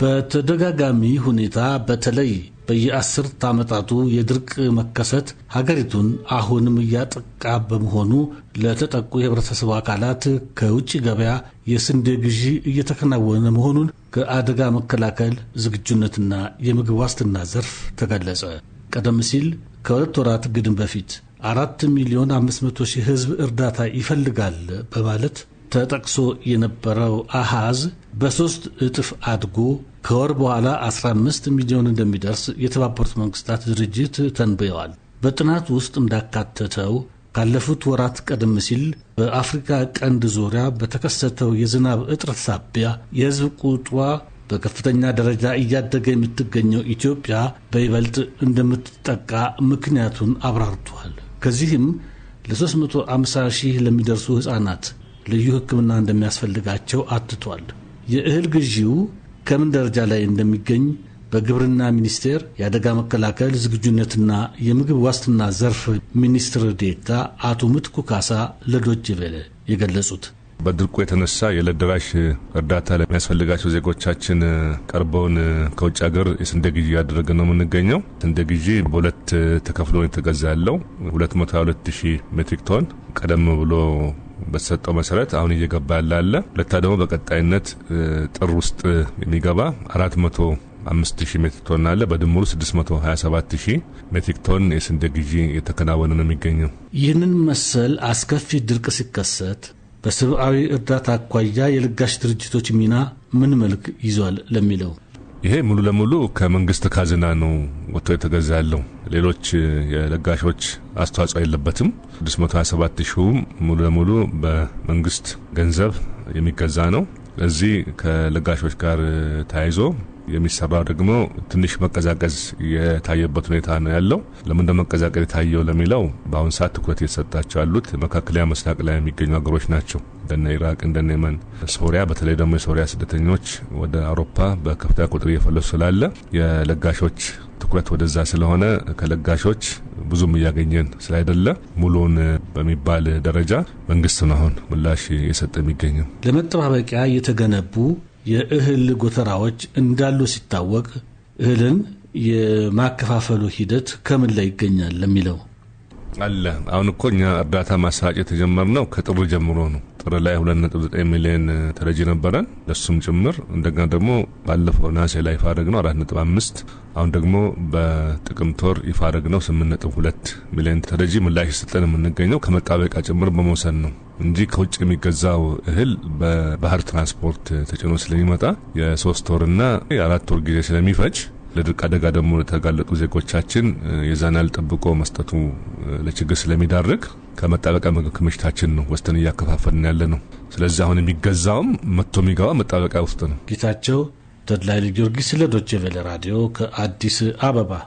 በተደጋጋሚ ሁኔታ በተለይ በየአስርት ዓመታቱ የድርቅ መከሰት ሀገሪቱን አሁንም እያጠቃ በመሆኑ ለተጠቁ የህብረተሰቡ አካላት ከውጭ ገበያ የስንዴ ግዢ እየተከናወነ መሆኑን ከአደጋ መከላከል ዝግጁነትና የምግብ ዋስትና ዘርፍ ተገለጸ። ቀደም ሲል ከሁለት ወራት ግድም በፊት አራት ሚሊዮን አምስት መቶ ሺህ ህዝብ እርዳታ ይፈልጋል በማለት ተጠቅሶ የነበረው አሃዝ በሶስት እጥፍ አድጎ ከወር በኋላ 15 ሚሊዮን እንደሚደርስ የተባበሩት መንግስታት ድርጅት ተንብየዋል። በጥናት ውስጥ እንዳካተተው ካለፉት ወራት ቀደም ሲል በአፍሪካ ቀንድ ዙሪያ በተከሰተው የዝናብ እጥረት ሳቢያ የህዝብ ቁጥሯ በከፍተኛ ደረጃ እያደገ የምትገኘው ኢትዮጵያ በይበልጥ እንደምትጠቃ ምክንያቱን አብራርቷል። ከዚህም ለ350 ሺህ ለሚደርሱ ሕፃናት ልዩ ሕክምና እንደሚያስፈልጋቸው አትቷል። የእህል ግዢው ከምን ደረጃ ላይ እንደሚገኝ በግብርና ሚኒስቴር የአደጋ መከላከል ዝግጁነትና የምግብ ዋስትና ዘርፍ ሚኒስትር ዴታ አቶ ምትኩ ካሳ ለዶች ቬለ የገለጹት በድርቁ የተነሳ የዕለት ደራሽ እርዳታ ለሚያስፈልጋቸው ዜጎቻችን ቀርበውን ከውጭ ሀገር የስንዴ ግዢ እያደረገ ነው የምንገኘው። ስንዴ ግዢ በሁለት ተከፍሎ የተገዛ ያለው 222 ሺህ ሜትሪክ ቶን ቀደም ብሎ በተሰጠው መሰረት አሁን እየገባ ያላለ ሁለታ ደግሞ በቀጣይነት ጥር ውስጥ የሚገባ አራት መቶ አምስት ሺህ ሜትሪክ ቶን አለ። በድምሩ ሰባት ሺህ ሜትሪክ ቶን የስንዴ ግዢ የተከናወነ ነው የሚገኘው። ይህንን መሰል አስከፊ ድርቅ ሲከሰት በሰብአዊ እርዳታ አኳያ የለጋሽ ድርጅቶች ሚና ምን መልክ ይዟል ለሚለው ይሄ ሙሉ ለሙሉ ከመንግስት ካዝና ነው ወጥቶ የተገዛ ያለው። ሌሎች የለጋሾች አስተዋጽኦ የለበትም። 627 ሺሁም ሙሉ ለሙሉ በመንግስት ገንዘብ የሚገዛ ነው። ለዚህ ከለጋሾች ጋር ተያይዞ የሚሰራው ደግሞ ትንሽ መቀዛቀዝ የታየበት ሁኔታ ነው ያለው። ለምን መቀዛቀዝ የታየው ለሚለው በአሁን ሰዓት ትኩረት እየተሰጣቸው ያሉት መካከለኛ ምስራቅ ላይ የሚገኙ ሀገሮች ናቸው። እንደነ ኢራቅ፣ እንደነ የመን፣ ሶሪያ። በተለይ ደግሞ የሶሪያ ስደተኞች ወደ አውሮፓ በከፍተኛ ቁጥር እየፈለሱ ስላለ የለጋሾች ትኩረት ወደዛ ስለሆነ ከለጋሾች ብዙም እያገኘን ስላይደለ ሙሉን በሚባል ደረጃ መንግስት ነው አሁን ምላሽ የሰጠ የሚገኘው ለመጠባበቂያ የተገነቡ የእህል ጎተራዎች እንዳሉ ሲታወቅ እህልን የማከፋፈሉ ሂደት ከምን ላይ ይገኛል ለሚለው አለ። አሁን እኮ እኛ እርዳታ ማሰራጭ የተጀመርነው ከጥር ጀምሮ ነው። ጥር ላይ 2.9 ሚሊዮን ተረጂ ነበረን፣ ለሱም ጭምር እንደገና ደግሞ ባለፈው ነሐሴ ላይ ይፋ አደረግነው 4.5፣ አሁን ደግሞ በጥቅምት ወር ይፋ አደረግነው 8.2 ሚሊዮን ተረጂ ምላሽ ሰጠን። የምንገኘው ከመጣበቂያ ጭምር በመውሰድ ነው እንጂ ከውጭ የሚገዛው እህል በባህር ትራንስፖርት ተጭኖ ስለሚመጣ የሶስት ወርና የአራት ወር ጊዜ ስለሚፈጅ ለድርቅ አደጋ ደግሞ ለተጋለጡ ዜጎቻችን የዛን ያህል ጠብቆ መስጠቱ ለችግር ስለሚዳርግ ከመጣበቂያ ምግብ ክምሽታችን ነው ወስደን እያከፋፈልን ያለ ነው። ስለዚህ አሁን የሚገዛውም መጥቶ የሚገባ መጣበቂያ ውስጥ ነው። ጌታቸው ተድላይ ጊዮርጊስ ለዶቼ ቬለ ራዲዮ ከአዲስ አበባ